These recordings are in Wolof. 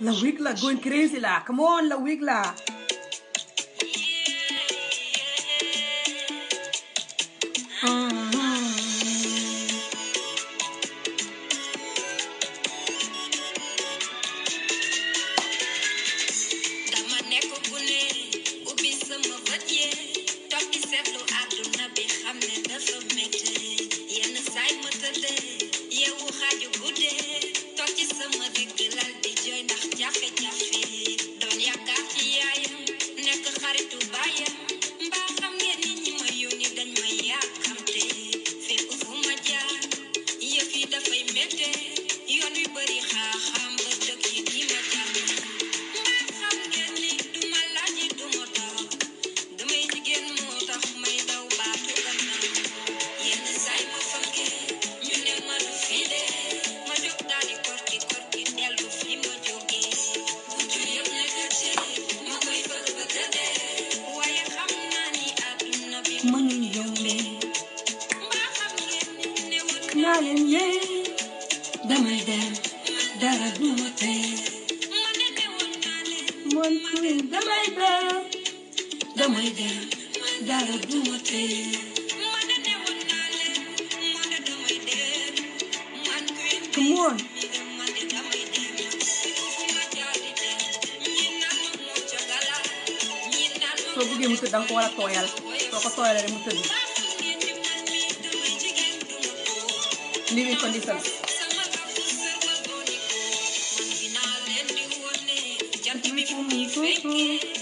La wig la going crazy la. Come on, la wig la. Mm. Uh. xalem yee damay dem dara du ma tee mon queen damay dem damay dem dara du ma tee come on soo bëggee mu tëdd danga ko war a tooyal soo ko tooyalee mu tëdd ma living conditions. Jump me for me,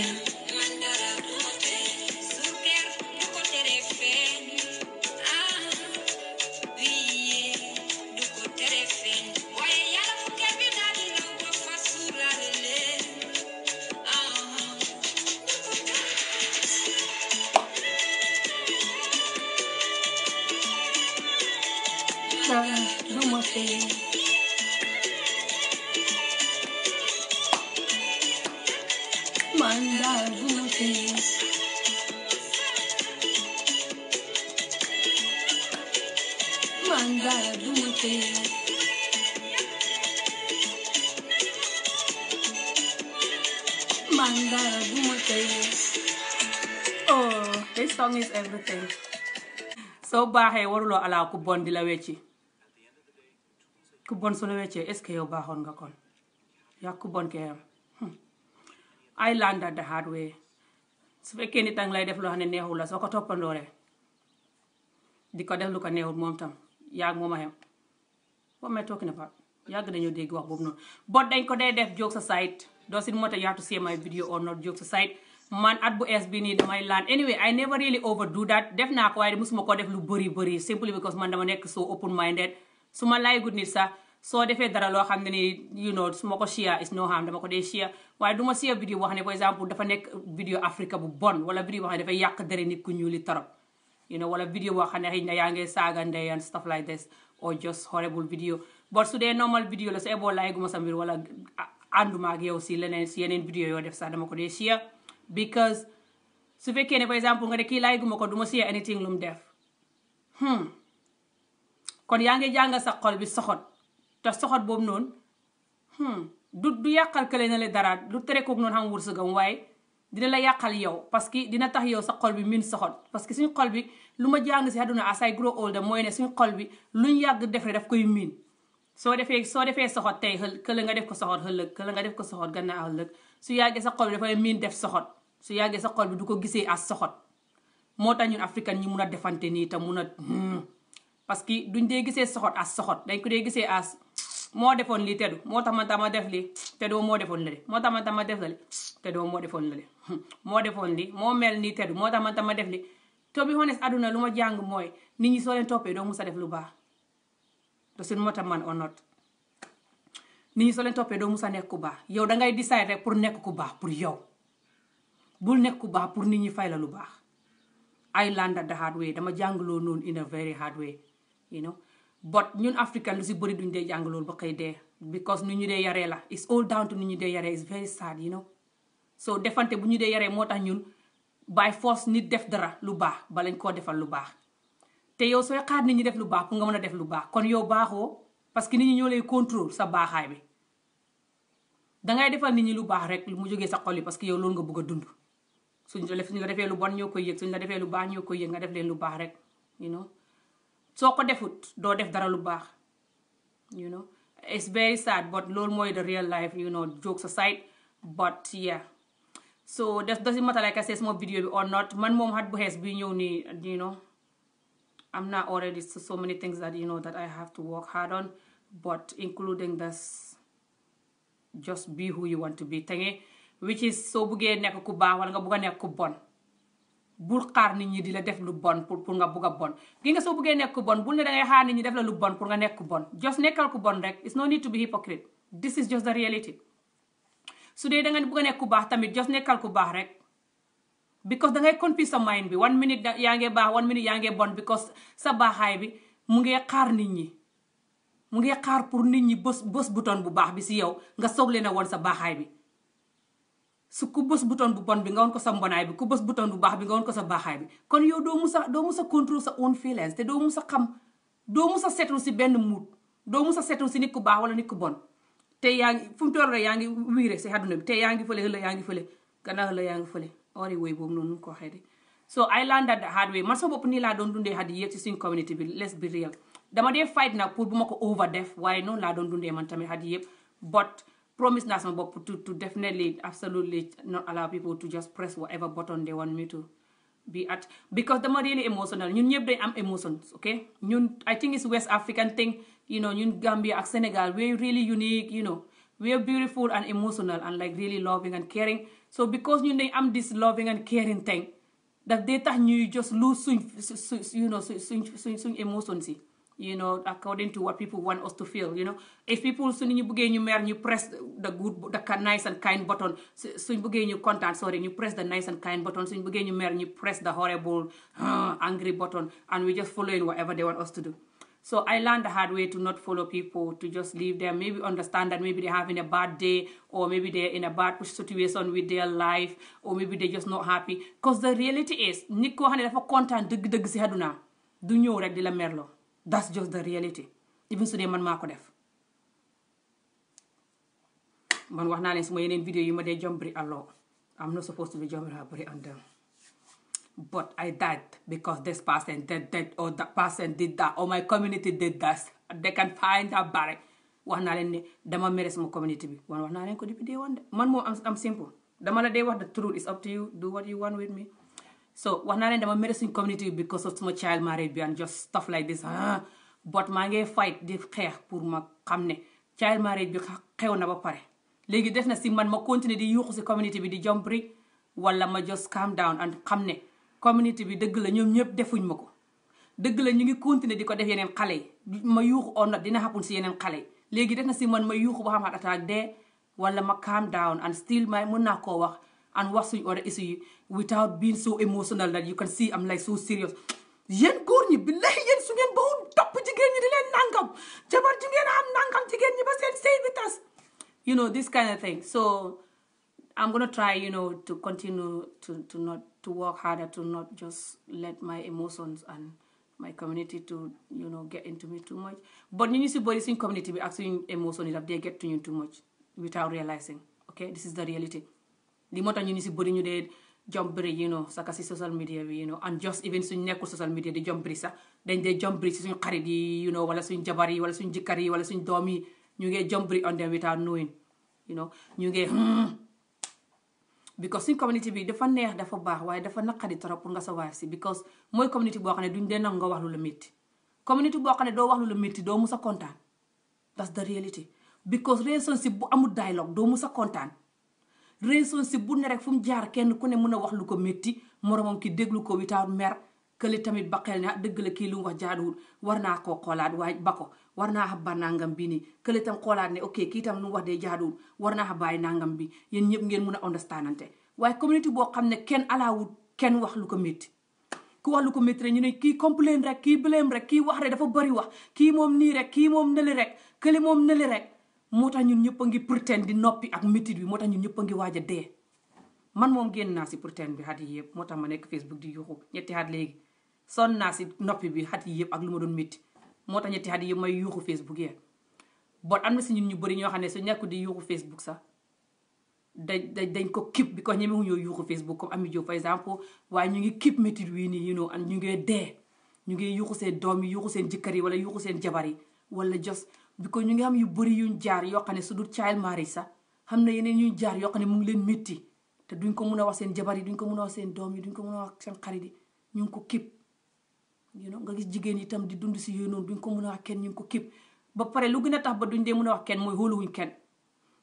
again. baaxee waruloo alaa ku bon di la wecci ku bon su la weccee est-ce que yow baaxoon nga kon yaa ku bon kee am hmm. I learned su fekkee nit danga lay def loo xam ne neexul la soo ko toppandooree di ko def lu ko neexul moom tam yaa moom a xem what am I talking about yàgg nañoo dégg wax boobu noonu boo dañ ko dee def joke sa site doo si matter you have to see my video or not joke sa site man at bu es bi nii damay laan anyway I never really overdo that def naa ko waaye ma ko def lu bëri bëri simply because man dama nekk so open minded su ma laay good nit sax soo defee dara loo xam ne ni you know su ma ko share is no harm dama ko dee share waaye du ma share vidéo wax ne par exemple dafa nekk vidéo Africa bu bon wala vidéo boo xam ne dafay yàq dere nit ku ñuuli torop you know wala vidéo boo xam ne xëy na yaa ngi saaga ndey and stuff like this or just horrible video but su dee normal vidéo la su eboo laay ma sa mbir wala ànduma ak yow si leneen si yeneen vidéo yoo def sax dama ko dee share because su fekkee ne par exemple nga ne kii laay guma ko du ma see anything lu def hmm yaa ngi jàng sa xol bi soxot te soxot boobu noonu hmm du du yàqal kële na le dara lu tere koog noonu xam wërsëgam waaye dina la yàqal yow parce que dina tax yow sa xol bi min soxot parce que suñu xol bi lu ma jàng si àdduna as I grow mooy ne suñu xol bi luñ yàgg def koy miin soo defee soo defee soxot tey kële nga def ko soxot ëllëg kële nga def ko soxot gannaaw ëllëg su yàggee sa xol bi dafay miin def soxot. su yàggee sa xol bi du ko gisee as soxot moo tax ñun africain ñi mun a defante nii te mun a hmm. parce que duñ dee gisee soxot as soxot dañ ko dee gisee as moo defoon lii teddu moo tax man dama def lii teddoo moo defoon lële moo tax dama def lële teddoo moo defoon lële moo defoon lii moo mel nii teddu moo tax man dama def li to bi honest aduna lu ma jàng mooy nit ñi soo leen toppee doo mus a def lu baax te suñu moo tax man onot nit ñi soo leen toppee doo mus a nekk ku baax yow dangay decide rek pour nekk ku baax pour yow bul nekk ku baax pour nit ñi fay la lu baax I learned that the hard way dama jàngaloo noonu in a very hard way you but ñun african lu si bëri duñ dee jàng loolu ba xëy dee because nu ñu dee yaree la it's all down to nu ñu dee yaree it's very sad you know so defante bu ñu dee yaree moo tax ñun by force nit def dara lu baax balañ koo defal lu baax te yow sooy xaar nit ñi def lu baax pour nga mën a def lu baax kon yow baaxoo parce que nit ñi ñoo lay contrôle sa baaxaay bi dangay defal nit ñi lu baax rek mu jógee sa xol yi parce que yow nga bëgg dund suñ suñ la defee lu bon ñoo koy yëg suñ la defee lu baax ñoo koy yëg nga def leen lu baax rek soo ko defut doo def dara lu baax you know it's very loolu mooy the real life you know jokes aside but yeah so does does it matter like I say sama video bi or not man moom xat bu xees bi ñëw nii you am naa already so, so many things that you know that I have to work hard on but including this just be who you want to be tenge which is soo buggee nekk ku baax wala nga bugg a nekk ku bon bul xaar nit ñi di la def lu bon pour pour nga bugg a bon gi nga soo buggee nekk ku bon bul ne da xaar nit ñi def la lu bon pour nga nekk ku bon just nekkal ku bon rek it's no need to be hypocrite this is just the reality su dee da nga bugg nekk ku baax tamit just nekkal ku baax rek because da ngay confuse sa mind bi one minute yaa ngee baax one minute yaa ngee bon because sa baaxaay bi mu ngee xaar nit ñi mu ngee xaar pour nit ñi bës bës bouton bu baax bi si yow nga soog leen a sa baaxaay bi su ku bës bouton bu bon bi nga woon ko sa mbonaay bi ku bës bouton bu baax bi nga woon ko sa baaxaay bi kon yow doo musa doo musa contrôle sa own feelings te doo musa xam doo musa seetlu si benn muut doo musa seetlu si nit ku baax wala nit bon te yaa ngi fu mu yaa ngi wiire si àdduna bi te yaa ngi fële ëllë yaa ngi fële gannaaw ëllë yaa ngi fële ori woy boobu noonu ko waxee de so ay learned that hard way man sama bopp nii laa doon dundee xat yëpp si suñ community bi let's bi real dama dee fight nag pour bu ma ko over def waaye noonu laa doon dundee man tamit xat yëpp but promise naa sama bopp to to definitely absolutely not allow people to just press whatever button they want me to be at because dama really emotional ñun ñëpp dañ am emotions okay ñun I think it's West African thing you know ñun Gambia ak Sénégal we're really unique you know we're beautiful and emotional and like really loving and caring so because ñun dañ am this loving and caring thing daf dee tax ñuy just lose suñ suñ you know emotions yi you know according to what people want us to feel you know if people suñu ñu bëggee ñu mer ñu press the good nice and kind button suñ bëggee ñu content sorry ñu press the nice and kind button suñ ñu mer ñu press the horrible angry button and we just following whatever they want us to do so I learned hard way to not follow people to just leave them maybe understand that maybe they're having a bad day or maybe they're in a bad situation with their life or maybe they're just not happy because the reality is nit koo xam ne kontaan dëgg-dëgg si àdduna du ñëw rek di la merloo that's just the reality even su dee man maa ko def man wax naa leen suma yeneen vidéo yi ma dee jombri allo I'm not supposed to be jombri abri and down but I died because this person did that or my community did that they can find a bare wax naa leen ne dama mere suma community bi wan wax naa leen ko depuis day de man moom am simple dama la dee wax the truth is up to you do what you want with me so wax naa ne dama mere suñ community because of suma child marriage bi and just stuff like this ah but maa ngi fight di xeex pour ma xam ne child marriage bi xew na ba pare léegi def na si man ma continuer di yuuxu si community bi di jump rek wala ma just calm down and xam ne community bi dëgg la ñoom ñëpp defuñ ma ko dëgg la ñu ngi continuer di ko def yeneen xale yi ma yuux on not dina xapun si yeneen xale yi léegi def na si man ma yuuxu boo xam xat attaque de wala ma calm down and still may mën naa koo wax and wax suñ oda issu without being so emotional that you can see I'm like so serious yéen góor ñi billahi yéen su ngeen bawul topp jigéen di leen nangam jabar ji ngeen am nangam jigéen ñi ba seen you know this kind of thing so I'm gonna try you know to continue to to not to work harder to not just let my emotions and my community to get into me too much but ñu ñu si bëri suñ community bi ak suñ emotion yi daf get to you too much without realizing okay this is the reality li moo tax ñu ñu si jump bridge you know saka si social media bi you know and just even suñ nekkul social media di jump bridge sax dañ dee jump bridge si suñ xarit yi you know wala suñ jabar yi wala suñ jëkkër yi wala suñ doom yi ñu ngee jump bridge on them without knowing you know ñu ngee hmm, because suñ dafa neex dafa baax waaye dafa naqari trop pour nga survive si because mooy community boo xam ne duñ dee nangu nga wax lu la métti community boo xam ne doo wax lu la métti doo mus a kontaan that's the reality because raison si bu amul dialogue doo mus a kontaan raison si bu ne rek fu mu jaar kenn ku ne mën a wax lu ko métti moromam ki déglu ko witaaw mer kële tamit ba xel ne ah dëgg la kii lu mu wax jaaduwul war naa koo xoolaat waaye ba war naa xab ba nangam bi nii kële xoolaat ne ok kii tam lu wax dee jaaduwul war naa xab bàyyi nangam bi yéen ñëpp ngeen mun a understandante waaye communauté boo xam ne kenn alaawul kenn wax lu ko métti ku wax lu ko métti rek ñu ne kii complain rek kii blame rek kii wax rek dafa bari wax kii moom nii rek kii moom nëli rek kële moom nëli rek moo tax ñun ñëpp a ngi pretend di noppi ak métit bi moo tax ñun ñëpp ngi waaja dee man moom génn naa si pretend bi xat yëpp moo tax ma nekk Facebook di yuuxu ñetti xat léegi sonn naa si noppi bi xat yi yëpp ak lu ma doon métti moo tax ñetti xat yi yëpp may yuuxu Facebook yee bon am na si ñun ñu bëri ñoo xam ne su ñàkku di yuuxu Facebook sax dañ dañ ko kip bi ko ñemewuñoo yuuxu Facebook comme Ami Diop par exemple waaye ñu ngi kip métit wii nii you know ñu ngee dee ñu ngi yuuxu seen doom yi yuuxu seen jëkkër yi wala yuuxu seen jabar yi wala jos because ñu ngi am yu bëri yuñ jaar yoo xam ne su dul child marriage sax xam na yeneen yuñ jaar yoo xam ne mu ngi leen mitti te duñ ko mun a wax seen jabar yi duñ ko mun a wax seen duñ ko mun ñu ko képp you know nga gis di dund si yooyu noonu duñ ko mun a wax kenn ñu ngi ko képp ba pare gën a tax ba duñ dee a wax kenn mooy xóoluwuñ kenn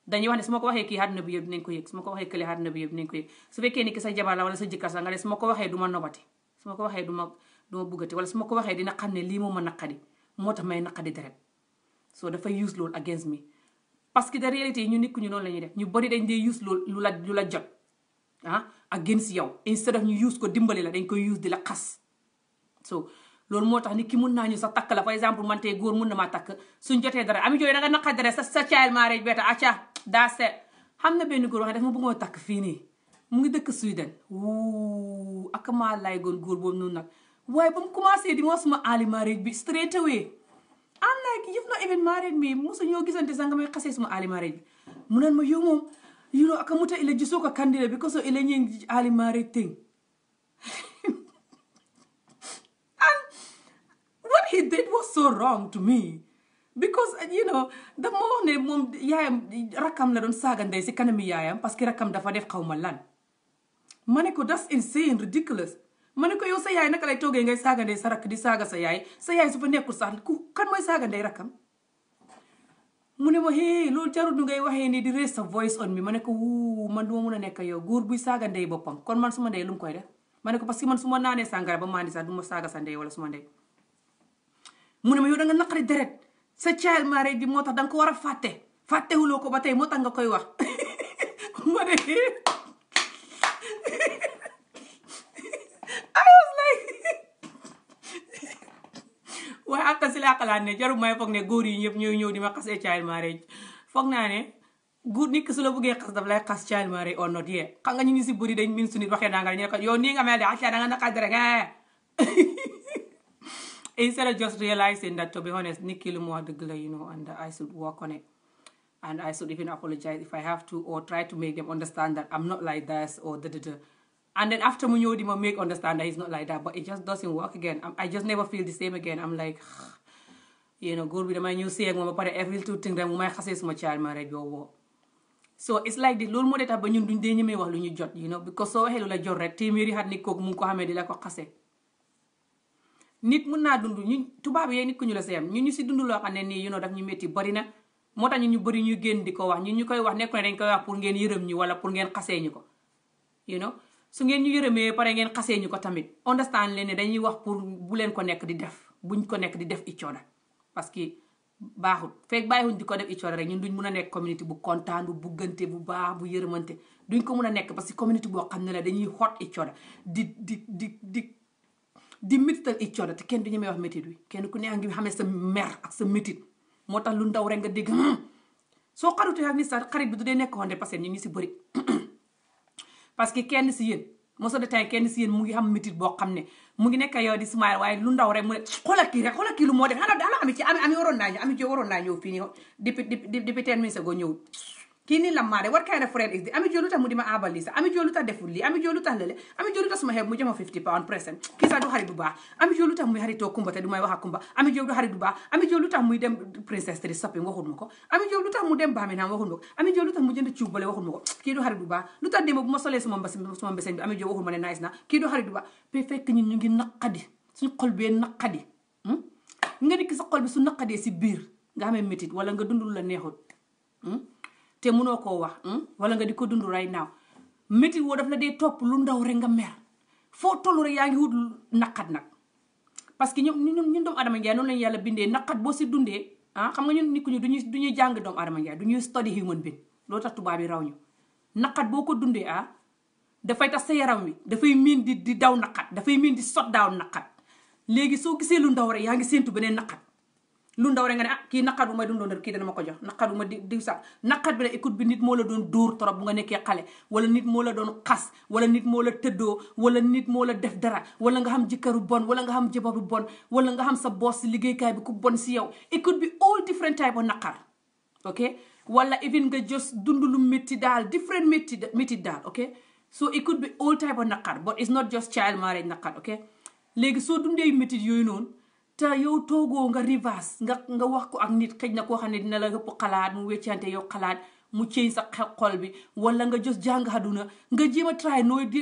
dañuy wax ne su ma ko waxee kii àdduna bi yëpp dinañ ko su ma ko waxee kële àdduna bi yëpp dinañ ko yëg su fekkee ni ma ko waxee du ma nobati su ma ma ko waxee dina xam ne lii moo ma naqadi moo tax may naqadi deret so dafa use loolu against me parce que de réalité yi ñu nit ku ñu noonu la ñuy def ñu use loolu lu la lu la jot ah, against yow instead of yu use ko dimbali la dañ ko use di la xas so loolu moo tax ni ki mun naa ñu sa takk la par exemple man tey góor mun na maa takk suñ jotee dara ami jooy da nga naqa dara sa sa child marriage beeta aca daa seet xam na benn góor wax def ma bëggoon takk fii nii mu ngi dëkk Sweden wuu ak maa lay goon góor boobu noonu nag waaye ba mu commencé ma suma early marriage bi straight away like you've not even married me musu ñoo gisante sax nga may xasee suma early marriage bi mu naan ma yow moom you know akamuta ila jisuka candidate because of ila ñing early marriage thing and what he did was so wrong to me because uh, you know daf ma ne moom yaayam rakkam la doon saaga ndey si kanami yaayam parce que rakkam dafa def xaw ma lan ne ko that's insane ridiculous ma ne ko yow sa yaay naka lay toogee ngay saaga ndey sa rakk di saaga sa yaay sa yaay su fa nekkul sax ku kan mooy saaga ndey rakkam mu ne ma hee loolu jarul ngay waxee nii di raise sa voice on mi ma ne ko wuu man duma mun a nekk yow góor buy saaga ndey boppam kon man suma ndey lu mu koy def ma ne ko parce que man su ma naanee sàngara ba maandi sax du ma saaga sa ndey wala suma ndey mu ne ma yow da nga naqari deret sa child marriage bi moo tax da nga ko war a fàtte fàttewuloo ko ba tey moo tax nga koy wax a si laa xalaat ne jarul may foog ne góor yi ñëpp ñooy ñëw di ma xas child marriage foog naa ne góor nit ki su la bëggee xas daf lay xas child marriage or not yee xam ñu ngi si bëri dañ min su nit nanga ñu ko yow nii ah, da nga naqas rek instead of just realizing that to be honest nit ki lu mu wax dëgg la you know and I should even apologize if I have to or try to make them understand that I'm not like this or da da and then after mu ñëw di ma make understand that he's not like that but it just doesn't work again I just never feel the same again I'm like you know góor bi damay ñëw see ak ba pare every two thing rek mu may xasee suma child marriage boobu so it's like di loolu moo dee tax ba ñun duñ dee ñemee wax lu ñu jot you know because soo waxee lu la jot rek téeméeri xat nit kooku mu ngi ko xamee di la ko xase nit mun naa dundu ñu tubaab yee nit ku ñu la seeyam ñun ñu si dund loo xam ne nii ñu métti bari na moo tax ñun ñu bari ñu génn di ko wax ñun ñu koy wax nekk na dañ koy pour ngeen yërëm ñu wala pour ngeen xasee ñu ko you su ngeen ñu yërëmee pare ngeen xasee ñu ko tamit understand leen ne dañuy wax pour bu leen ko nekk di def buñ ko nekk di def each parce que baaxut fekk bàyyiwuñ di ko def each other rek ñun duñ mun a nekk community bu kontaan bu buggante bu baax bu yërëmante duñ ko mun a nekk parce que community boo xam ne la dañuy hot each other di di di di di métital each other te kenn du ñemee wax métit wi kenn ku ne a ngi xamee sa mer ak sa métit moo tax lu ndaw rek nga dégg hmm. soo xarutee ak ni sa xarit bi du dee nekk honde parce que ñu ngi si bëri parce que kenn si yéen moso de tay kenn si yéen mu ngi am métit boo xam ne mu ngi nekk yow di smile waaye lu ndaw rek mu ne xoolal kii rek xoolal kii lu moo def xanaa ami ami waroon naa ñëw ami ci waroon naa ñëw teen mi go ñëw kii nii lam maa de what kind of is this Ami Jool lu tax mu di ma aabal lii sax lu tax deful lii Ami Jool lu tax lële Ami Jool lu tax mu jox ma 50 pound present kii sax du xarit bu lu tax muy xaritoo Kumba te du shopping waxul ma ko Ami Jool lu tax mu dem Birmingham waxul ma ko Ami Jool lu tax mu jënd cuubale waxul ma ko kii du xarit bu baax lu tax démb bu ma solee suma mbas suma mbesen bi Ami Jool waxul ma ne nice na kii du xarit si biir nga xamee te mënoo koo wax hmm? wala nga di ko dundu right now métti woo daf la dee topp lu ndaw rek nga mer foo tollu rek yaa ngi wut naqat nag parce que ñoom ñun ñun doomu adama njaay noonu lañu yàlla bindee naqat boo si dundee ah nga ñun nit du ñuy jàng doomu adama njaay du ñuy study human being loolu tax tubaab yi raw ñu naqat boo ko dundee ah dafay tax sa yaram wi dafay miin di daw naqat dafay miin di sot daaw naqat léegi soo gisee lu ndaw rek yaa ngi séentu beneen naqat lu ndaw rek nga ne ah kii naqar bu may dundoon rek kii dana ma ko jox naqar bu ma di di sax naqar bi rek écoute bi nit moo la doon dóor trop bu nga nekkee xale wala nit moo la doon xas wala nit moo la tëddoo wala nit moo la def dara wala nga xam jëkkëru bon wala nga xam jabaru bon wala nga xam sa boss si liggéeykaay bi ku bon si yow écoute bi all different type of naqar ok wala even nga jos dund lu métti daal different métti métti daal ok so écoute bi all type of naqar but it's not just child marriage naqar ok léegi soo dundee métti yooyu noonu te yow toogoo nga reverse nga nga wax ko ak nit xëj na koo xam ne dina la ëpp xalaat mu weccante yow xalaat mu ceeñ sa xol bi wala nga jos jàng nga jéem a try bi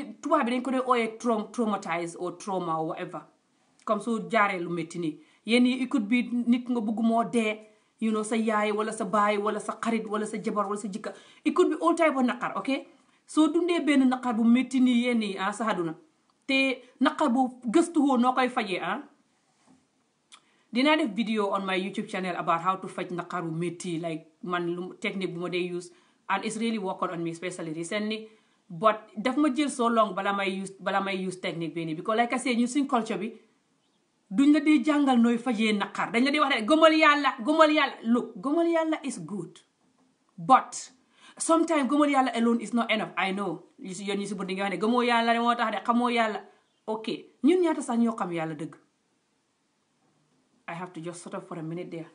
dañ ko dee ooyee traum traumatise trauma or whatever comme soo jaaree lu métti nii yenn yi ikut bi nit nga bëgg moo dee you know sa yaay wala sa baay wala sa xarit wala sa jabar wala sa jikka ikut bi all type of naqar ok soo dundee benn naqar bu métti nii yenn yi ah, sa àdduna te naqar gëstu gëstuwoo noo koy fajee ah dinaa def video on my YouTube channel about how to faj naqaru métti like man lu technique bu ma dee use and it's really worked on me especially ni but daf ma jël so long bala may use bala may use technique bi nii because like I say ñun culture bi duñ la dee jàngal nooy fajee naqar dañ la dee wax rek gëmal yàlla gëmal yàlla look gëmal yàlla is good but sometimes gëmal yàlla alone is not enough I know yoon ñu si bët di nga ne gëmoo yàlla moo tax de xamoo yàlla ok ñun ñaata sax ñoo xam yàlla dëgg I have to just sort for a minute there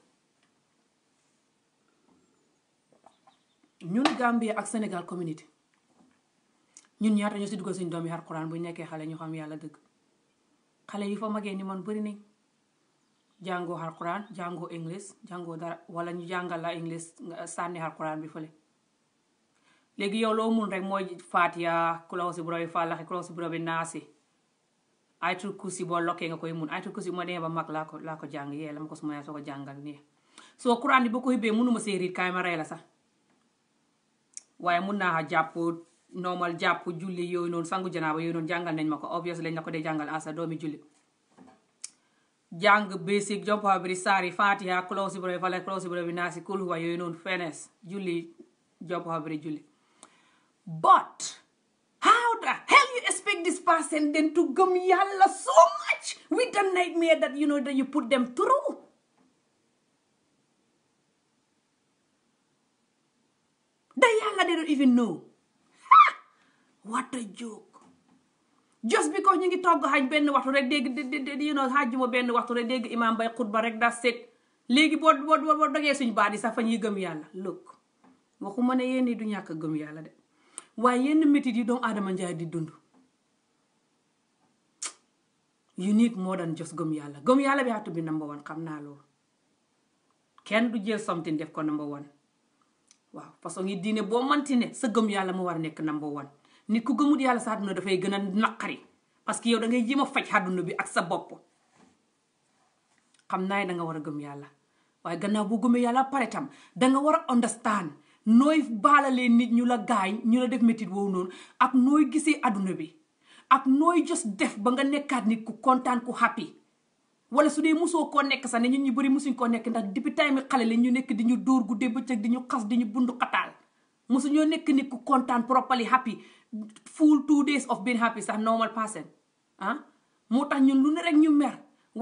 ñun Gambia ak Sénégal community ñun ñaata ñoo si duggal suñu doom yi xar Quran bu ñu nekkee xale ñu xam yàlla dëgg xale yu fa magee ni man bëri nañ jàngoo xar Quran jàngoo English jàngoo dara wala ñu jàngal la English sànni xar Quran bi fële. léegi yow loo mun rek mooy Fatiha ku la si bu rabi Fallaxe ku la si bu rabi Naasi. ayatul kursi boo lokkee nga koy mun ayatul kursi ma demee ba mag laa ko laa ko jàng yee la ma ko su ma soo ko jàngal nii soo Quran boo ko hibbee mënuma see riit kaay ma rey la sax waaye mun naa jàpp normal jàpp julli yooyu noonu sangu janaaba yooyu noonu jàngal nañ ma ko obvious lañ la ko dee jàngal asa doomi julli jàng basic jompa biri saari fatiha close biro bi fale close biro bi naasi kul huwa yooyu noonu fenes julli jompa biri julli but how respect this person than to gëm yàlla so much with the nightmare that you know that you put them even know ha what just because ñu ngi togg xaj benn waxtu rek dégg you know xajjuma benn waxtu rek dégg imam bay xutba rek da set léegi boo boo boo dogee suñ baat yi sax fa ñuy gëm yàlla look waxuma ne yéen du ñàkk gëm yàlla de waaye yenn métit yi doomu aadama njaay di dund you need more than just gëm yàlla gëm yàlla bi have to be number one xam naa loolu kenn du jël something def ko number one waaw façon yi diine boo manti ne sa gëm yàlla mu war a nekk number one nit ku gëmut yàlla sa àdduna dafay gën a naqari parce que yow da ngay jéem a faj àdduna bi ak sa bopp xam naa ne danga war a gëm yàlla waaye gannaaw boo gëmee yàlla pare tam danga war a understand nooy baalalee nit ñu la gaañ ñu la def métit woowu noonu ak nooy gisee àdduna bi ak nooy jos def ba nga nekkaat nit ku kontaan ku happy wala su dee mosoo koo nekk sax ne ñu ñu bëri mosuñ koo nekk ndax depuis temps mi xale la ñu nekk di ñu dóor guddee bëccëg di ñu xas di ñu bundu xataal mosu ñoo nekk nit ku kontaan properly happy full two days of being happy sax normal person ah moo tax ñu lu ne rek ñu mer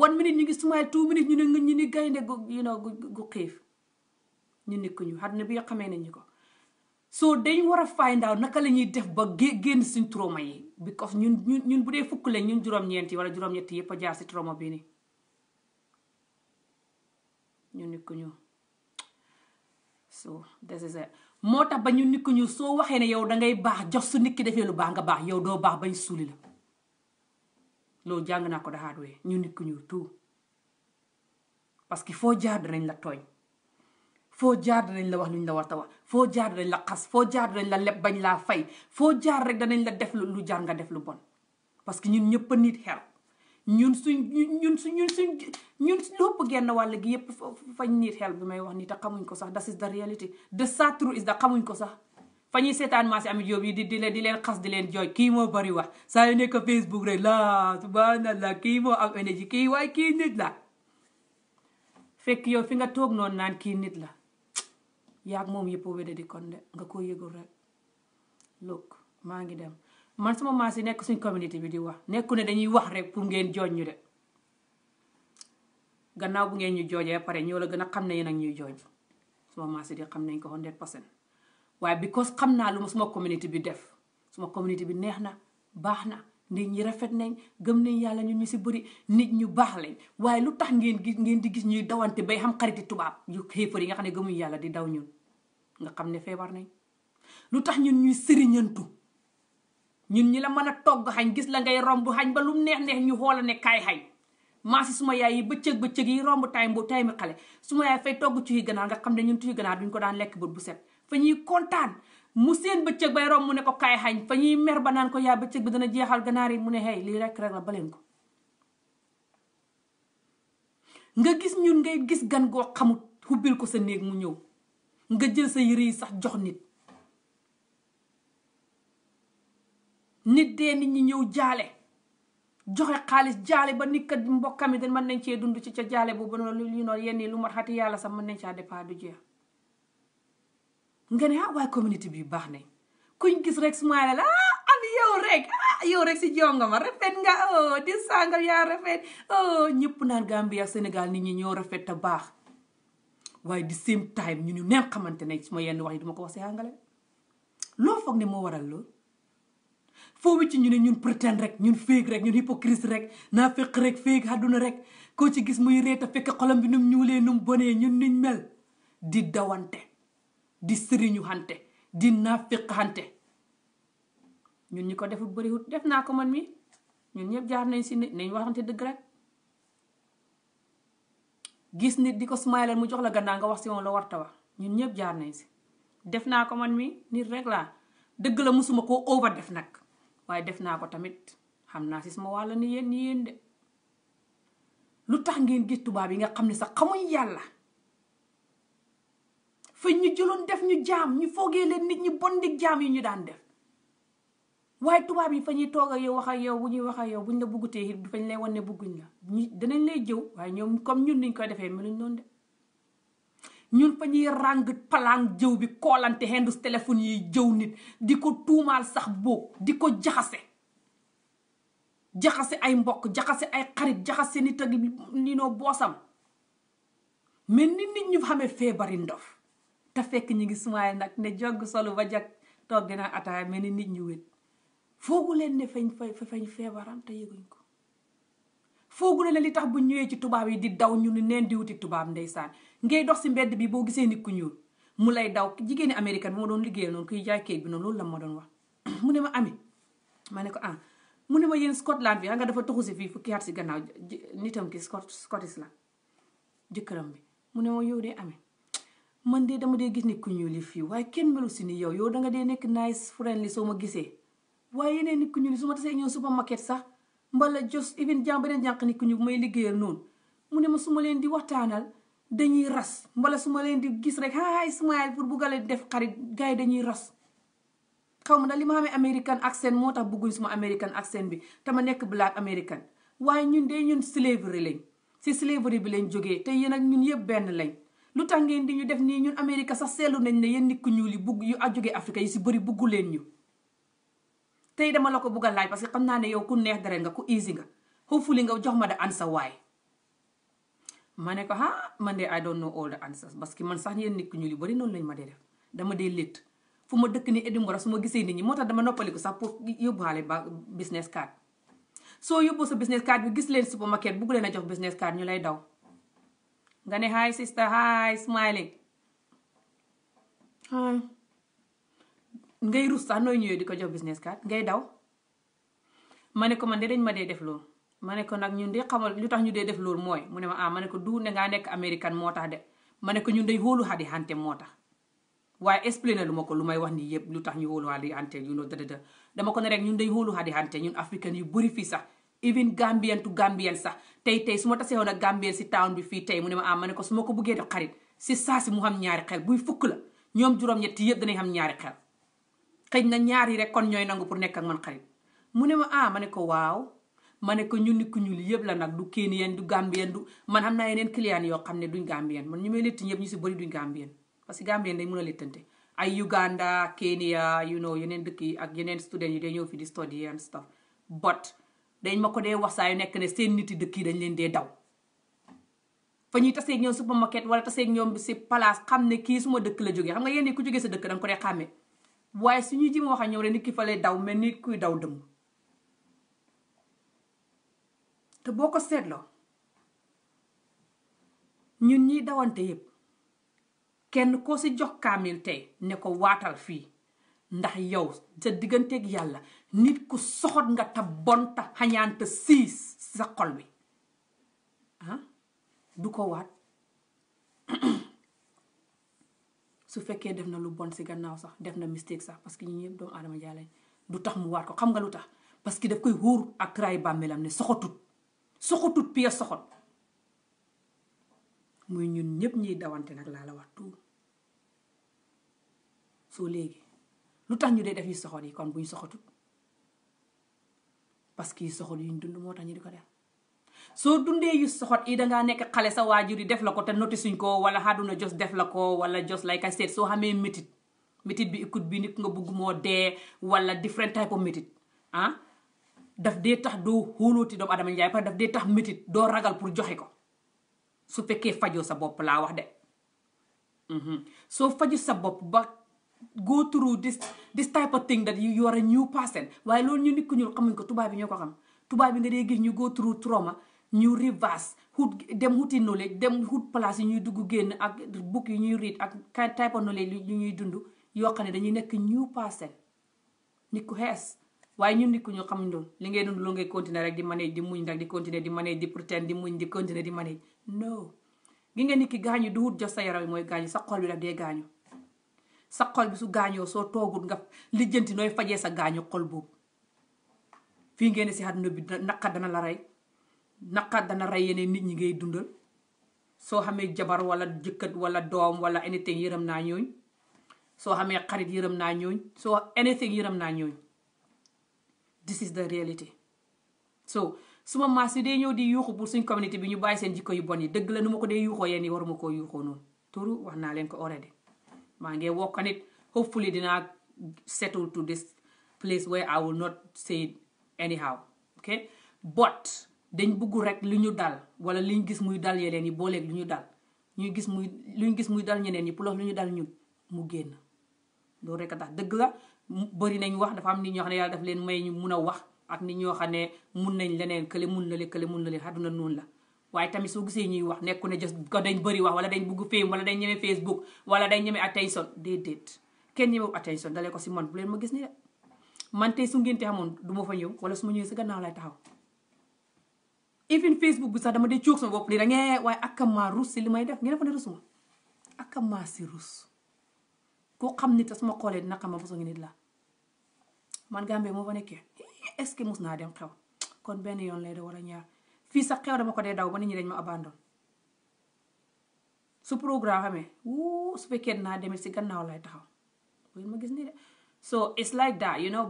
one minute ñu ngi smile two minutes ñu ne ñu ni gaynde gu you know gu xiif ñu nit ñu àdduna bi xamee nañ nañu ko soo de war a find naka la ñuy def ba génn suñ trauma yi because ñun ñun ñun bu dee fukk lañ ñun juróom wala juróom-ñett yëpp a jaar si ñu nit ku moo tax ba ñu nit ku soo waxee ne yow dangay baax jox su nit ki defee lu baax nga baax yow doo baax bañ suuli la loolu jàng naa ko da we way ñu nit ku parce que foo jaar danañ la tooñ foo jaar danañ la wax luñ la war wax foo jaar dañ la xas foo jaar dañ la leb bañ laa fay foo jaar rek danañ la def lu jaar nga def lu bon parce que ñun ñëpp a nit xel ñun suñ ñun suñ ñun suñ ñun lépp genn wàll gi yëpp fañ nit xel bi may wax nii te xamuñ ko sax that is the reality the sad truth is da xamuñ ko sax fa seetaan maa si amit yóbbu yi di leen di leen xas di leen jooy kii moo bari wax saa yu nekk Facebook rek la subhanallah kii moo am énergie kii waaye kii nit la fekk yow fi nga toog noonu naan kii nit la yaag moom yëpp wéde di kon de nga koo yëgul rek look maa ngi dem man suma maas yi nekk suñ communauté bi di wax nekku ne dañuy wax rek pour ngeen jooj ñu de gannaaw bu ngeen ñu joojee pare ñoo la gën a xam ne yéen ak ñuy jooj suma maas di xam nañ ko 100 pour cent waaye because xam naa lu ma suma communauté bi def suma communauté bi neex na baax na nit ñi rafet nañ gëm nañ yàlla ñu ñu si bëri nit ñu baax lañ waaye lu tax ngeen gis ngeen di gis ñuy dawante bay xam xariti tubaab yu xéefar yi nga xam ne gëmuñ yàlla di daw ñun nga xam ne feebar nañ lu tax ñun ñuy sëriñantu ñun ñi la mën a togg xañ gis la ngay romb xañ ba lu neex neex ñu xoola ne kaay xañ maa suma yaay yi bëccëg bëccëg yi romb taym boo tay mi xale suma yaay fay togg ci ganaar nga xam ne ñun ci ganaar duñ ko daan lekk bët bu set fa ñuy kontaan mu seen bëccëg bay romb mu ne ko kaay xañ fa ñuy mer ba naan ko yaa bëccëg bi dana jeexal ganaar yi mu ne hey lii rek rek la baleen ko nga gis ñun ngay gis gan goo xamut xubbil ko sa néeg mu ñëw nga jël sa yére yi sax jox nit nit de nit ñi ñëw jaale joxe xaalis jaale ba nit kat mbokkam yi dañ mën nañ cee dund ci ca jaale boobu noonu lu ñu noonu yenn yi lu mat xati yàlla sax mën nañ caa départ du jeex nga ne ah waaye communauté bi baax nañ kuñ gis rek smile la ah, am yow rek ah yow rek si jonga ma rafet nga oh di sànga yaa rafet oh ñëpp naan Gambie ak Sénégal nit ñi ñoo rafet te baax waaye di same time ñu ñu neen xamante ne su ma yenn wax yi ko wax si loo foog ne moo waral loolu foo wicc ñu ne ñun pretend rek ñun fake rek ñun hypocrite rek naa fekk rek fake àdduna rek koo ci gis muy reeta fekk xolam bi num ñuulee num bonee ñun niñ mel di dawante di sëriñu xante di naa fekk xante ñun ñi ko deful bëriwut def naa ko man mi ñun ñëpp jaar nañ si nañ waxante dëgg rek gis nit di ko smile mu jox la gannaaw nga wax si moom la warta wax ñun ñëpp jaar nañ si def naa ko man mi nit rek laa dëgg la musuma koo over def nag waaye def naa ko tamit xam naa si sama wàll ni yéen ni de lu tax ngeen gis tubaab yi nga xam ne sax xamuñ yàlla fi ñu jëloon def ñu jaam ñu foogee leen nit ñi bon ndig jaam yi ñu daan def waaye tubaab yi fa ñuy toog ak yow wax ak yow bu ñuy wax ak yow buñ la buggutee it fañ lay wan ne bugguñ la ñu danañ lay jëw waaye ñoom comme ñun niñ koy defee mënuñ noonu de ñun fa ñuy ràng palang jëw bi koolante xendus téléphone yi jëw nit di ko tuumaal sax boobu di ko jaxase jaxase ay mbokk jaxase ay xarit jaxase nit ak ni noo boosam mais nit nit ñu xamee feebari ndof te fekk ñu ngi sumaay nag ne jog solu ba jag toog dinaa ataaya mel ni nit ñu wét foogu leen ne fañ fañ feebaram te yëguñ ko foogu leen ne li tax bu ñëwee ci tubaab yi di daw ñu ni neen di wuti tubaab ndeysaan ngay dox si mbedd bi boo gisee nit ku ñuul mu lay daw jigéeni américaine bi ma doon liggéeyal noonu kuy jaay kéeg bi noonu loolu la ma doon wax mu ne ma ami ma ne ko ah mu ne ma yéen Scotland bi nga dafa tuxu si fii fukki at si gannaaw nitam ki Scottish jëkkëram bi mu ne ma yow dee ame man de dama dee gis nit ku ñuul yi fii waaye kenn melu si ni yow yow danga dee nekk nice friendly soo ma gisee waaye yeneen nit ku ñu ni su ma tasee ñëw supermarket sax jos even jàng beneen ñu may liggéeyal noonu mu ne ma su ma leen di waxtaanal dañuy ras mbala su ma leen di gis rek haay smile pour buggale def xarit gars yi dañuy ras xaw ma nag li ma xamee American accent moo tax bugguñ suma American accent bi te ma nekk black American waaye ñun de ñun slavery lañ si slavery bi lañ jógee te yéen ak ñun yëpp benn lañ lu tax ngeen di ñu def nii ñun Amérique sax seetlu nañ ne yenn nit ku ñuul yi bugg yu a jógee Afrique yi si bëri buggu leen ñu tey dama la ko bugg a laaj parce que xam naa ne yow ku neex dara nga ku easy nga hopefully nga jox ma da answer why ma ne ko ah man de I don't know all the answers parce que man sax yéen nit ñu li bari noonu lañ ma dee def dama dee létt fu ma dëkk ni Edinburgh su ma gisee nit ñi moo tax dama noppaliku sax pour yóbbaale ba business card soo yóbboo sa business card bi gis leen supermarket bugg leen a jox business card ñu lay daw nga ne hi sister hi ngay rus sax nooy ñëwee di ko jox business card ngay daw ma ne ko man de dañ ma dee def loolu ma ne ko nag ñun de xamal lu tax ñu dee def loolu mooy mu ne ma ah ma ne ko du ne ngaa nekk américain moo tax de ma ne ko ñun day wóolu xadi hante moo tax waaye expliqué lu ma ko lu may wax nii yëpp lu tax ñu wóolu xadi hante yu no dëdëdë dama ko ne rek ñun day wóolu xadi hante ñun africain yu bëri fii sax even gambien tu sax tey tey su ma tasee woon ak gambien si town bi fii tey mu ne ma ah, ma ne ko su ma ko bëggee def xarit si saa si mu xam ñaari xel buy fukk la ñoom juróom ñetti yëpp danay xam ñaari xel xëy na ñaar yi rek kon ñooy nangu pour nekk ak man xarit mu ne ma ah ma ne ko waaw ma ne ko ñu nit ku ñuul yëpp la nag du Kenyan du Gambien du man xam naa yeneen client yoo xam ne duñ Gambien man ñu may létt ñëpp ñu si bëri duñ Gambien parce que Gambien day mun a léttante ay Uganda Kenya you know dëkk yi ak yeneen student yi day ñëw fi di study and stuff but dañ ma ko dee wax saa yu nekk ne seen nit yi dëkk yi dañ leen dee daw fa ñuy taseeg ñoom supermarket wala taseeg ñoom si palaas xam ne kii suma dëkk la jógee xam nga yéen ku jógee sa dëkk danga ko dee xàmmee waaye su ñuy jëm wax a ñëw rek nit daw mel ni kuy daw dëmm te boo ko seetloo ñun ñiy dawante yépp kenn koo ci jox kaamil tey ne ko waatal fii ndax yow sa digganteek yàlla nit ku soxot nga te bon te xañaan te siis sa xol bi ah du ko waat su fekkee def na lu bon si gannaaw sax def na mistake sax parce que ñu ñëpp doomu aadama jaale du tax mu waat ko xam nga lu tax parce que daf koy wóor ak raay bàmmeelam ne soxotut soxotut pie soxot muy ñun ñëpp ñuy dawante nag laa la wax tuur soo léegi lu tax ñu dee def yi soxot yi kon buñ soxotut parce que yi soxot yuñ dund moo tax ñu di ko def soo dundee yu soxot yi dangaa nekk xale sa waajur yi def la ko te notisuñ ko wala xaaduna jos def la ko wala jos like I said soo xamee métit métit bi écoute bi nit nga bugg moo dee wala different type of métit ah? daf dee tax doo xóolooti doomu adama njaay parce daf dee tax métit doo ragal pour joxe ko su fekkee fajoo sa bopp laa wax de mm-hmm. soo faju sa bopp ba go through this this type of thing that you are a new person waaye loolu ñu nit ku ñuul xamuñ ko tubaab bi ñoo ko xam tubaab bi nga dee gis ñu go through trauma ñu reverse xut dem xuti knowledge dem xut place yi ñuy dugg génn ak bukk yi ñuy read ak type of knowledge yi ñuy dund yoo xam ne dañuy nekk new person nit ku xees waaye ñun nit ñu xamuñ loolu li ngay dund loo ngay continuer rek di manage di muñ rek di continuer di manage di pretend di muñ di continuer di manage no gi nga nit ki gaañu du wut jox sa yaram bi mooy gaañu sa xol bi daf dee gaañu sa xol bi su gaañoo soo toogut nga lijjanti nooy fajee sa gaañu xol boobu fii ngeen si àdduna bi naqar dana la rey naqar dana rey yeneen nit ñi ngay dundal soo xamee jabar wala jëkkër wala doom wala anything yërëm naa ñooñ soo xamee xarit yërëm naa ñooñ soo anything yërëm naa ñooñ this is the reality so suma maas yi dee ñëw di yuuxu bu suñ communauté bi ñu bàyyi seen jikko yu bon yi dëgg la nu ma ko dee yuuxoo yéen yi ma koo yuuxoo noonu turu wax naa leen ko already maa ngi wokk nit hopefully dinaa settle to this place where I will not say anyhow okay dañ bugg rek lu ñu dal wala liñ gis muy dal yeneen yi booleeg lu ñu dal ñuy gis muy luñ gis muy dal ñeneen yi pour lu ñu dal ñun mu génn loolu rek a tax dëgg la bëri nañ wax dafa am nit ñoo xam ne yàlla daf leen may ñu mun a wax ak nit ñoo xam ne mun nañ leneen kële mun na le kële mun na le àdduna noonu la waaye tamit soo gisee ñuy wax nekku ne just ko dañ bëri wax wala dañ bugg fame wala dañ ñeme Facebook wala dañ ñeme attention déedéet kenn ñemewu attention dalee ko si man bu leen ma gis ni de man tey su ngeen te xamoon du ma fa ñëw wala su ma ñëwee sa gannaaw lay taxaw even Facebook bi sax dama dee cuug sama bopp nii da ngeen waaye ak maa rus si li may def ngeen defoon ne rusuma ak maa si rus koo xam ni te suma xoolee dina xam ma bosoo ngi nit la man Gambie moo fa nekkee est-ce que mus naa dem kon benn yoon lay da war a ñaar fii sax xew dama ko dee daw ba nit ñi dañ ma abandon su programme amee wuu su fekkee dinaa demee si gannaaw lay taxaw ma gis nii de so it's like that you know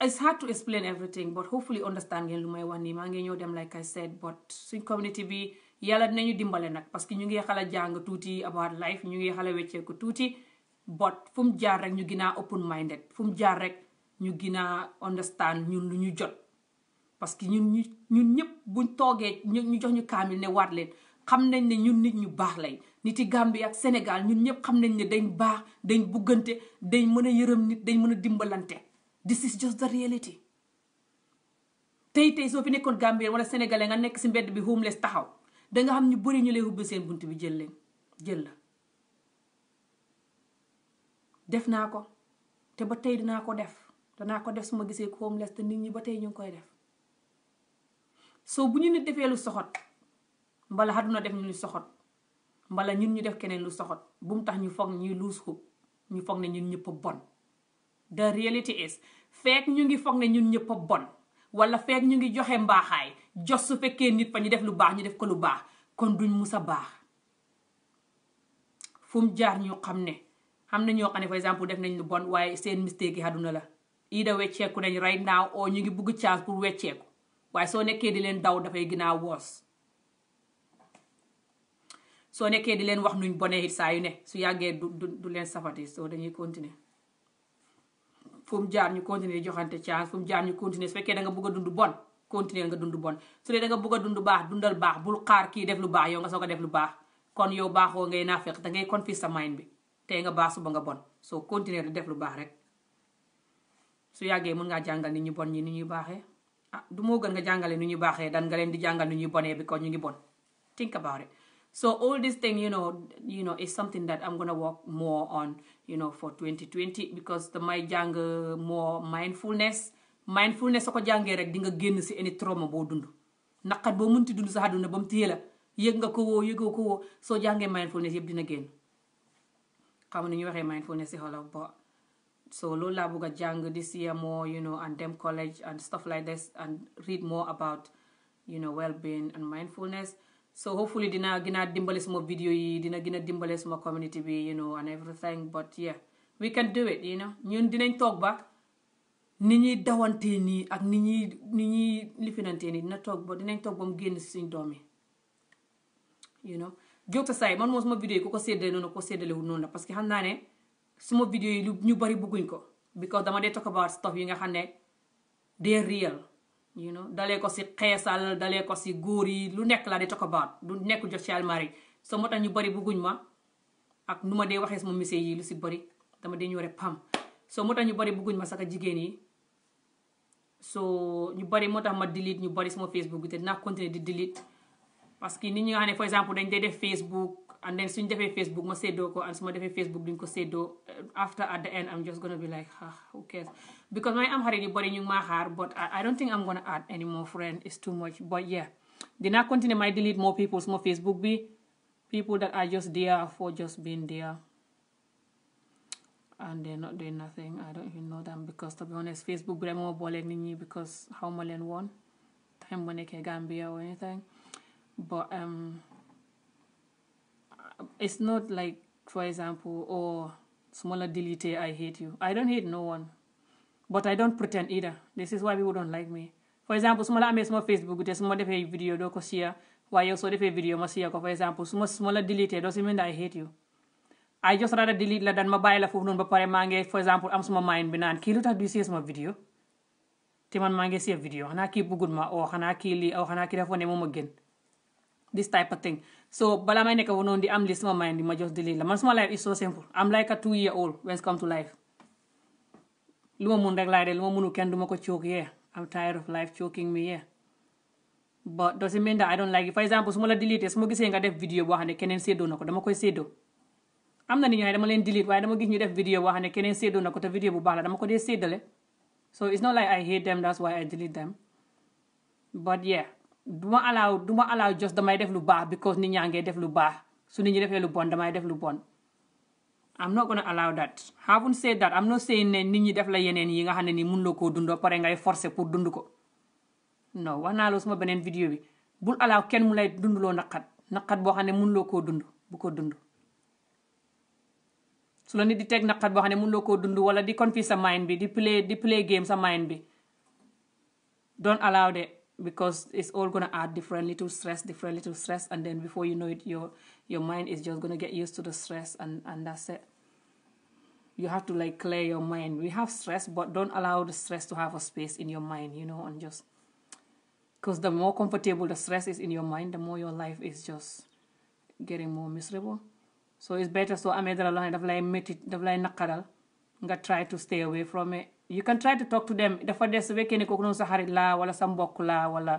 it's hard to explain everything but hopefully understand ngeen lu may wax nii maa ngi ñëw dem like I said but suñ community bi yàlla nañu dimbale nag parce ñu ngi a jàng tuuti about life ñu ngi xala wecceeku tuuti but fu mu jaar rek ñu ginaa a open minded fu mu jaar rek ñu ginaa a understand ñun lu ñu jot parce que ñun ñu ñun ñëpp buñ toogee ñu jox ñu kaamil ne waat leen xam nañ ne ñun nit ñu baax lay nit yi Gambie ak Sénégal ñun ñëpp xam nañ ne dañ baax dañ buggante dañ mën a yërëm nit dañ mën a dimbalante this is just the reality tey tey soo fi nekkoon gàmbir wala sénégalais nga nekk si mbedd bi homeless taxaw danga xam ñu bëri ñu lay ubbi seen bunt bi jël jël la def naa ko te ba tey dinaa ko def danaa ko def su ma gisee ko homeless te nit ñi ba tey ñu ngi koy def soo bu ñu nit defee lu soxot mbala àdduna def ñu lu soxot mbala ñun ñu def keneen lu soxot bu mu tax ñu foog ñuy luus ko ñu foog ne ñun ñëpp bon the reality is feek ñu ngi foog na ñu ñëpp a bon wala feek ñu ngi joxe mbaaxaay jos su fekkee nit fa ñu def lu baax ñu def ko lu baax kon duñ mus a baax fu jaar ñu xam ne xam na ñoo xam ne par exemple def nañ lu bon waaye seen mistake yi àdduna la ida wecceeku nañ right now oo ñu ngi bugg chance pour wecceeku waaye soo nekkee di leen daw dafay gën a woos soo nekkee di leen wax nuñ bonee it saa yu ne su yàggee du du leen safati soo dañuy continuer fu mu jaar ñu continuer di joxante chance fu mu jaar ñu continuer su fekkee da nga a dund bon continuer nga dund bon su dee da nga bëgg a dund baax dundal baax bul xaar kii def lu baax yow nga soog a def lu baax kon yow baaxoo ngay naafeq da ngay confuse sa mind bi tey nga baax ba nga bon soo continuer di def lu baax rek su yàggee mën ngaa jàngal ni ñu bon ñi ni ñuy baaxee ah du moo gën nga jàngale ni ñuy baaxee dan nga leen di jàngal ni ñuy bonee bi kon ñu ngi bon think about so all this thing you know you know is something that i'm gonna work more on you know for 2020 because damay jàng uh, more mindfulness mindfulness soo ko jàngee rek di nga génn si any trauma boo dund naqat boo mënti dund sa àdduna ba mu téye la yëg nga ko woo yëgoo ko woo soo jàngee mindfulness yëpp dina génn xam ni ñu waxee mindfulness si xolof ba so loolu laa bëgg a jàng this year more you know and dem college and stuff like this and read more about you know so hopefully dina gën dimbale suma video yi dina gën a dimbale suma community bi you know and everything but yeah we can do ñun dinañ toog ba ni ñuy dawantee nii ak ni ñi ni ñuy lifinantee nii dina toog ba dinañ toog ba mu génn suñ doom yi you know jóg sa saay man moom suma video yi ko séddale noonu ko séddalewul noonu la parce que xam naa ne suma video yi ñu bari bëgguñ ko because dama dee talk about stuff yi nga xam ne dee real you know dalee ko si xeesal dalee ko si góor yi lu nekk laa di talk about lu nekk jot child marriage so moo tax ñu bari bëgguñ ma ak nu ma dee waxee sama message yi lu si bari dama dee ñëw rek pam so moo tax ñu bari bëgguñ ma saka jigéen yi soo ñu bari moo tax ma delete ñu bari sama Facebook bi te dinaa continuer di delete parce nit ñi nga xam ne for exemple dañ dee def Facebook and then suñ defee Facebook ma séddoo ko and su ma defee Facebook duñ ko séddoo eh, after at the end I'm just gonna be like ah who cares because may am xarit yu bari ñu ngi maa xaar but I don't think I'm gonna add any friend it's too much but yeah dinaa continuer may delete more people suma Facebook bi people that are just there for just being there and they're not doing nothing I don't even know them because to be honest Facebook bi rek moo booleeg leen woon time it's not like for example or oh, smaller delete I hate you. I don't hate no one. But I don't pretend either. This is why people don't like me. For example su ma la amee suma Facebook te su ma defee vidéo doo ko share waaye soo defee vidéo ma share ko for example su ma su ma la delete doo si mean I hate you. I just rather delete la dan ma bàyyi la foofu noonu ba pare maa ngi for example am suma mind bi naan kii lu tax suma vidéo te man maa ngi see vidéo xanaa oh, oh, a gën this type of thing so bala may nekk noonu di am list suma mind ma just delete la man suma life is so simple I'm like a two year old when it comes to life lu ma mun rek laay de lu ma munu kenn du ma ko choke yeah I'm tired of life choking me yeah but doesn't mean that I don't like it for example su ma la delete su ma gisee nga def vidéo boo xam ne keneen séddoo na ko dama koy séddoo am na nit ñoo xam ne dama leen delete waaye dama gis ñu def vidéo boo ne keneen séddoo ko te vidéo bu baax la dama ko dee séddale so it's not like I hate them that's du ma alaaw du ma alaaw jos damay def lu baax because nit ñaa ngee def lu baax su nit ñi defee lu bon damay def lu bon am not gonna allow that haven't said that am not saying ne nit ñi def la yeneen yi nga xam ne nii mun la koo dundoo pare ngay forcer pour dund ko non wax naa la suma beneen vidéo bul alaaw kenn mu lay dundloo naqat naqat boo xam ne mun loo koo dund bu ko dund su la nit di teg naqat boo xam ne mun loo koo dund wala di confuse sa mind bi di play di game sa mind bi doon alaaw de because it's all gonna add differently to stress, differently to stress, and then before you know it, your your mind is just gonna get used to the stress, and and that's it. You have to like clear your mind. We have stress, but don't allow the stress to have a space in your mind, you know, and just because the more comfortable the stress is in your mind, the more your life is just getting more miserable. So it's better soo amee dara loo xam ne daf lay métti daf lay naqaral nga try to stay away from it. you can try to talk to them dafa des su fekkee ne kooku noonu sa xarit la wala sa mbokk la wala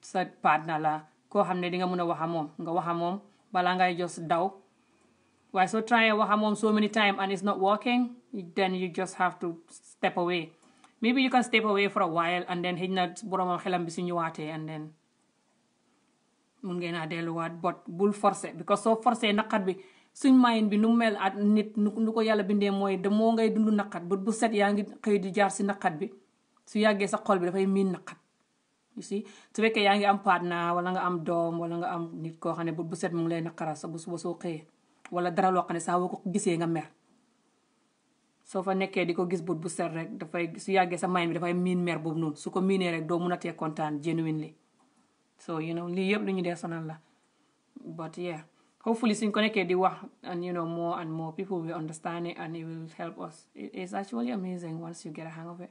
sa partner la koo xam ne di nga mën a wax a moom nga wax moom balaa ngay just daw waaye soo try wax a moom so many time and it's not working then you just have to step away maybe you can step away for a while and then xëy na boromam xelam bi su ñëwaatee and then mun ngeen a delluwaat but bul forcer because soo forcer naqat bi suñ mayin bi nu mel at nit nu ko yàlla bindee mooy de ngay dund naqat bët bu set yaa ngi xëy di jaar si naqat bi su yàggee sa xol bi dafay miin naqat si su fekkee yaa ngi am partenaire wala nga am doom wala nga am nit koo xam ne bët bu set mu ngi lay naqaral sa bu suba soo xëyee wala dara loo xam ne saa woo ko gisee nga mer soo fa nekkee di ko gis bët bu set rek dafay su yàggee sa mayin bi dafay miin mer boobu noonu su ko miinee rek doo mun a tee kontaan genuine li so you lii yëpp lu ñu dee sonal la but hopefully suñ ko nekkee di wax and you know more and more people will understand it and it will help us it is actually amazing once you get a hang of it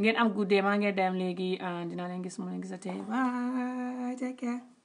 ngeen am good day maa dem léegi and dina leen gis mu leen gisatee bye take